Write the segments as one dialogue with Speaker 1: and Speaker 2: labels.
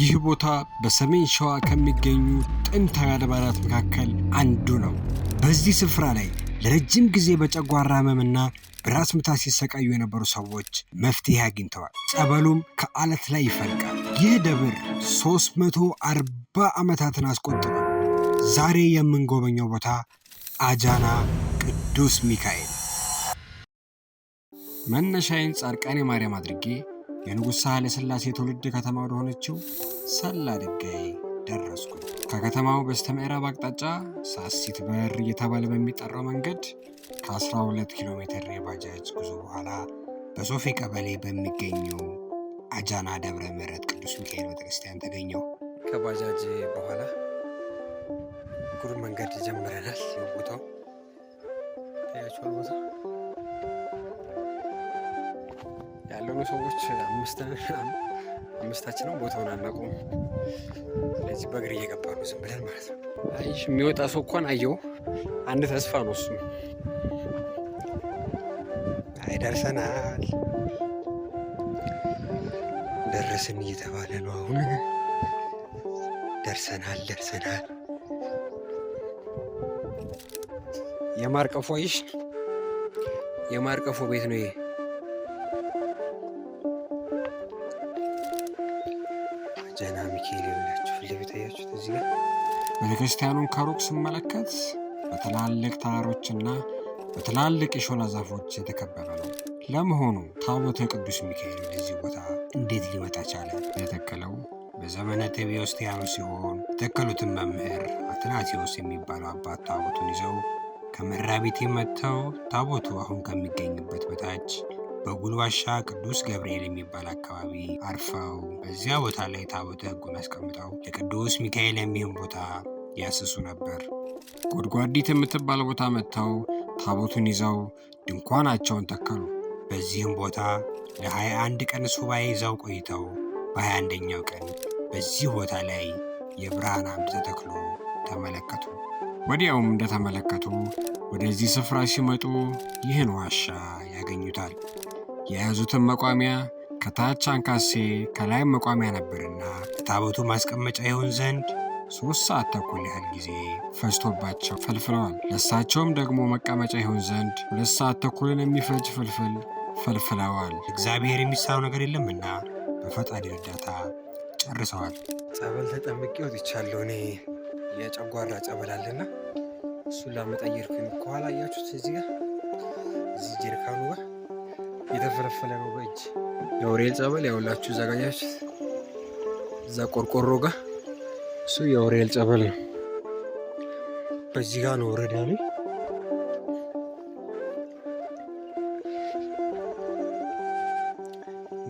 Speaker 1: ይህ ቦታ በሰሜን ሸዋ ከሚገኙ ጥንታዊ አድባራት መካከል አንዱ ነው። በዚህ ስፍራ ላይ ለረጅም ጊዜ በጨጓራ ህመምና በራስ ምታ ሲሰቃዩ የነበሩ ሰዎች መፍትሄ አግኝተዋል። ጸበሉም ከአለት ላይ ይፈልቃል። ይህ ደብር 340 ዓመታትን አስቆጥሯል። ዛሬ የምንጎበኘው ቦታ አጃና ቅዱስ ሚካኤል። መነሻዬን ጻድቃኔ ማርያም አድርጌ የንጉሥ ሳህለ ሥላሴ ትውልድ ከተማ ወደሆነችው ሰላ ድንጋይ ደረስኩ። ከከተማው በስተምዕራብ አቅጣጫ ሳሲት በር እየተባለ በሚጠራው መንገድ ከ12 ኪሎ ሜትር የባጃጅ ጉዞ በኋላ በሶፌ ቀበሌ በሚገኘው አጃና ደብረ ምሕረት ቅዱስ ሚካኤል ቤተክርስቲያን ተገኘው። ከባጃጅ በኋላ ጉር መንገድ ጀምረናል። ቦታው ያቸው ቦታ ያለነው ሰዎች አምስታችን ነው። ቦታውን አናውቀውም። ስለዚህ በእግር እየገባ ነው ዝም ብለን ማለት ነው። አይሽ የሚወጣ ሰው እንኳን አየው አንድ ተስፋ ነው እሱ። አይ ደርሰናል፣ ደረስን እየተባለ ነው አሁን። ደርሰናል፣ ደርሰናል። የማርቀፎ አይሽ የማርቀፎ ቤት ነው ይሄ ቤተ ክርስቲያኑን ከሩቅ ስመለከት በትላልቅ ተራሮችና በትላልቅ የሾላ ዛፎች የተከበበ ነው። ለመሆኑ ታቦተ ቅዱስ ሚካኤል ወደዚህ ቦታ እንዴት ሊመጣ ቻለ? የተከለው በዘመነ ጤቢዮስጢያኖስ ሲሆን የተከሉትን መምህር አትናቴዎስ የሚባለው አባት ታቦቱን ይዘው ከመራ ቤቴ መጥተው ታቦቱ አሁን ከሚገኝበት በታች በጉልባሻ ቅዱስ ገብርኤል የሚባል አካባቢ አርፈው በዚያ ቦታ ላይ ታቦተ ሕጉን አስቀምጠው ለቅዱስ ሚካኤል የሚሆን ቦታ ያስሱ ነበር። ጎድጓዲት የምትባል ቦታ መጥተው ታቦቱን ይዘው ድንኳናቸውን ተከሉ። በዚህም ቦታ ለ21 ቀን ሱባኤ ይዘው ቆይተው በ21ኛው ቀን በዚህ ቦታ ላይ የብርሃን አምድ ተተክሎ ተመለከቱ። ወዲያውም እንደተመለከቱ ወደዚህ ስፍራ ሲመጡ ይህን ዋሻ ያገኙታል። የያዙትን መቋሚያ ከታች አንካሴ ከላይም መቋሚያ ነበርና ለታቦቱ ማስቀመጫ ይሆን ዘንድ ሶስት ሰዓት ተኩል ያህል ጊዜ ፈጅቶባቸው ፈልፍለዋል። ለእሳቸውም ደግሞ መቀመጫ ይሆን ዘንድ ሁለት ሰዓት ተኩልን የሚፈጅ ፍልፍል ፈልፍለዋል። እግዚአብሔር የሚሰራው ነገር የለምና በፈጣሪ እርዳታ ጨርሰዋል። ጸበል ተጠምቄ ወጥቻለሁ። እኔ የጨጓራ ጸበል አለና እሱን ላመጣ እየሄድኩኝ ከኋላ አያችሁት፣ እዚህ ጋ እዚህ ጀሪካኑ ጋ የተፈለፈለ ነው በእጅ የወሬል ጸበል ያውላችሁ ዘጋጃች እዛ ቆርቆሮ ጋር እሱ የኦሪየል ጸበል ነው። በዚህ ጋር ነው ወረዳ ላይ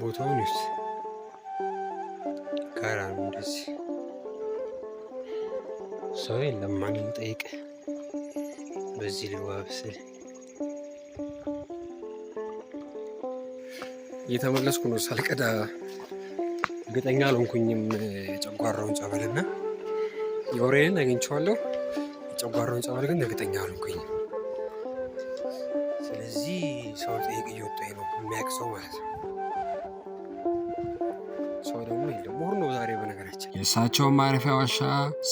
Speaker 1: ቦታውን ስ ጋራ ነው። እንደዚህ ሰው የለም ማንም ጠይቅ። በዚህ ልዋብስል እየተመለስኩ ነው። ሳልቀዳ እርግጠኛ አልሆንኩኝም የጨጓራውን ጸበልና የወሬን አግኝቼዋለሁ። የጨጓራውን ጸበል ግን እርግጠኛ አልኩኝ። ስለዚህ ሰው ጠይቅ እየወጣኝ ነው የሚያውቅ ሰው ማለት ነው። ሰው ደግሞ የለም ምሁር ነው ዛሬ በነገራችን። የእሳቸውን ማረፊያ ዋሻ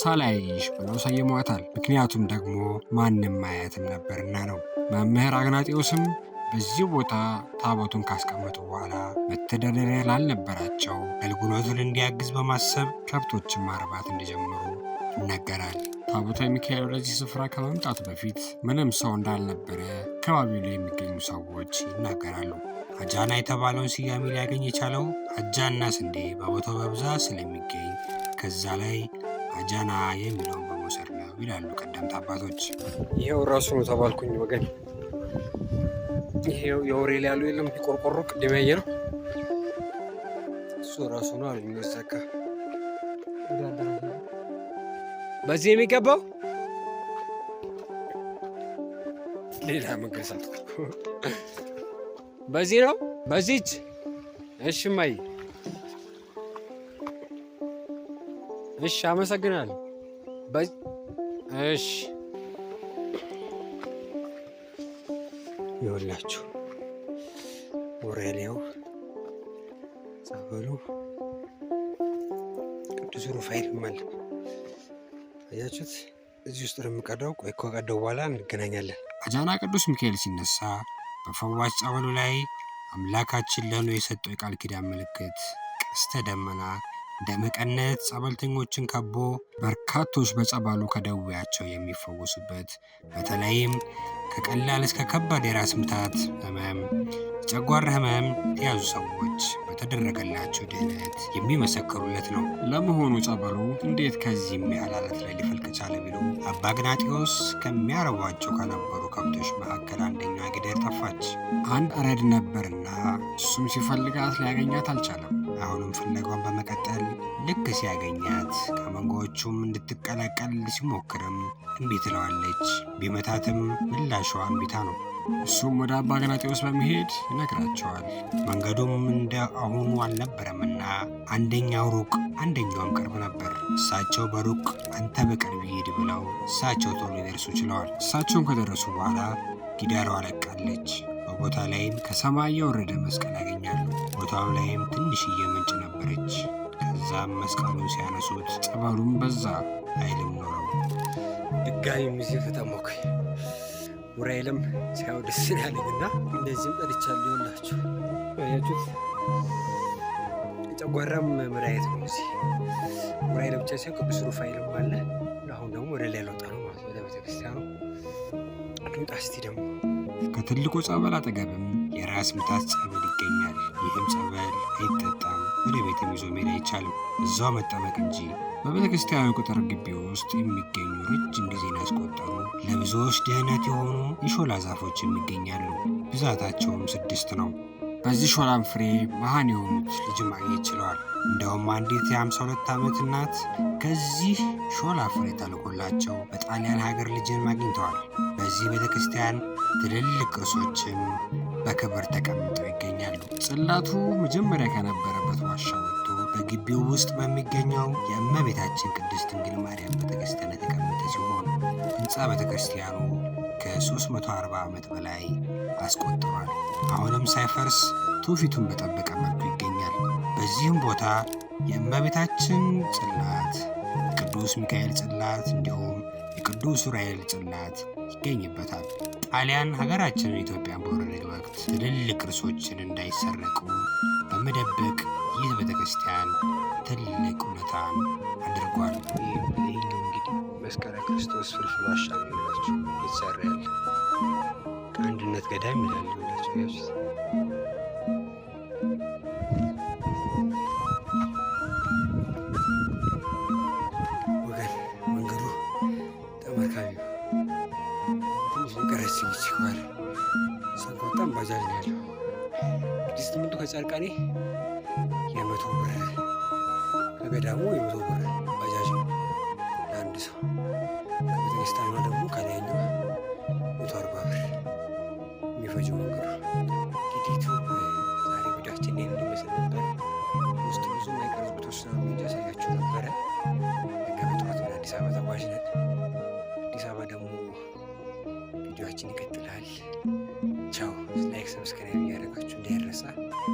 Speaker 1: ሳላይሽ ብለው ሰይሟታል። ምክንያቱም ደግሞ ማንም ማየትም ነበርና ነው። መምህር አግናጢዎስም በዚህ ቦታ ታቦቱን ካስቀመጡ በኋላ መተዳደሪያ ላልነበራቸው አገልግሎቱን እንዲያግዝ በማሰብ ከብቶችን ማርባት እንዲጀምሩ ይነገራል። ታቦተ ሚካኤል ወደዚህ ስፍራ ከመምጣቱ በፊት ምንም ሰው እንዳልነበረ አካባቢው ላይ የሚገኙ ሰዎች ይናገራሉ። አጃና የተባለውን ስያሜ ሊያገኝ የቻለው አጃና ስንዴ በቦታው በብዛት ስለሚገኝ ከዛ ላይ አጃና የሚለውን በመውሰድ ነው ይላሉ ቀደምት አባቶች። ይኸው ራሱ ነው ተባልኩኝ ወገን። ይሄው የወሬ ያሉ የለም ቆርቆሮ ቅድም ያየ ነው እሱ ራሱ ነው አሉ የሚወዘካ በዚህ የሚገባው ሌላ መንገድ ሳትኩ በዚህ ነው በዚች እሽ ማይ እሽ፣ አመሰግናለሁ እሽ ይኸውላችሁ ወሬሌው ጸበሉ ቅዱስ ሩፋኤል ማለት አያችሁት? እዚህ ውስጥ ነው የምቀዳው። ቆይ ከቀዳው በኋላ እንገናኛለን። አጃና ቅዱስ ሚካኤል ሲነሳ በፈዋሽ ጸበሉ ላይ አምላካችን ለኖ የሰጠው የቃል ኪዳን ምልክት ቀስተ ደመና እንደ መቀነት ጸበልተኞችን ከቦ በርካቶች በጸበሉ ከደዌያቸው የሚፈወሱበት በተለይም ከቀላል እስከ ከባድ የራስ ምታት ህመም ጨጓራ ህመም የያዙ ሰዎች በተደረገላቸው ድህነት የሚመሰክሩለት ነው። ለመሆኑ ጸበሉ እንዴት ከዚህም ያህል አለት ላይ ሊፈልቅ ቻለ ቢሉ አባ ግናጢዎስ ከሚያረቧቸው ከነበሩ ከብቶች መካከል አንደኛ ግደር ጠፋች። አንድ ረድ ነበርና እሱም ሲፈልጋት ሊያገኛት አልቻለም። አሁንም ፍለጋውን በመቀጠል ልክ ሲያገኛት ከመንጎዎቹም እንድትቀላቀል ሲሞክርም እምቢ ትለዋለች። ቢመታትም ምላሿ እምቢታ ነው። እሱም ወደ አባ ገናጤዎስ በመሄድ ይነግራቸዋል። መንገዱም እንደ አሁኑ አልነበረምና አንደኛው ሩቅ አንደኛውም ቅርብ ነበር። እሳቸው በሩቅ አንተ በቅርብ ይሄድ ብለው እሳቸው ቶሎ ሊደርሱ ችለዋል። እሳቸውም ከደረሱ በኋላ ጊዳሯ አለቃለች። በቦታ ላይም ከሰማይ የወረደ መስቀል ያገኛሉ። ቦታው ላይም ትንሽዬ ምንጭ ነበረች። ከዛም መስቀሉን ሲያነሱት ጸበሉም በዛ አይልም ኖረው ድጋሚ ሚዜ ውራይልም ሲያው ደስ ያለኝ ያለኝና እንደዚህም ጠልቻለሁ ናቸው ያችሁት ጨጓራም መድኃኒት ነው። እዚህ ውራይል ብቻ ሲሆን ቅዱስ ሩፋኤልም አለ። አሁን ደግሞ ወደ ላይ ለውጣ ነው ማለት ወደ ቤተክርስቲያኑ ልውጣ። እስቲ ደግሞ ከትልቁ ጸበል አጠገብም የራስ ምታት ጸበል ይገኛል። ይህም ጸበል አይጠጣም። ወደ ቤትም ይዞ መሄድ አይቻልም። እዛው መጠመቅ እንጂ በቤተ ክርስቲያኑ ቅጥር ግቢ ውስጥ የሚገኙ ረጅም ጊዜን ያስቆጠሩ ለብዙዎች ድህነት የሆኑ የሾላ ዛፎች የሚገኛሉ። ብዛታቸውም ስድስት ነው። በዚህ ሾላም ፍሬ መሃን የሆኑት ልጅ ማግኘት ችለዋል። እንደውም አንዲት የ52 ዓመት እናት ከዚህ ሾላ ፍሬ ተልኮላቸው በጣሊያን ሀገር ልጅን አግኝተዋል። በዚህ ቤተ ክርስቲያን ትልልቅ ቅርሶችም በክብር ተቀምጠው ይገኛሉ። ጽላቱ መጀመሪያ ከነበረበት ዋሻ ወጥቶ በግቢው ውስጥ በሚገኘው የእመቤታችን ቅድስት ድንግል ማርያም ቤተ ክርስቲያን የተቀመጠ ሲሆን ህንፃ ቤተ ክርስቲያኑ ከ340 ዓመት በላይ አስቆጥሯል። አሁንም ሳይፈርስ ትውፊቱን በጠበቀ መልኩ ይገኛል። በዚህም ቦታ የእመቤታችን ጽላት፣ ቅዱስ ሚካኤል ጽላት እንዲሁም ቅዱስ ዑራኤል ጽላት ይገኝበታል። ጣሊያን ሀገራችንን ኢትዮጵያን በወረረች ወቅት ትልልቅ ቅርሶችን እንዳይሰረቁ በመደበቅ ይህ ቤተ ክርስቲያን ትልቅ እውነታን አድርጓል። ይህኛው እንግዲህ መስቀለ ክርስቶስ ፍልፍል ዋሻ ነው ይላችሁ ይሰራ ያለ ከአንድነት ገዳም ይላል ይላችሁ በጣም ባጃጅ ነው ያለው። እንግዲህ ስምንቱ ከጨርቃኔ የመቶ ብር ከገዳሙ የመቶ ብር ባጃጅ ነው ለአንድ ሰው ከተነስታ ደግሞ ከላይ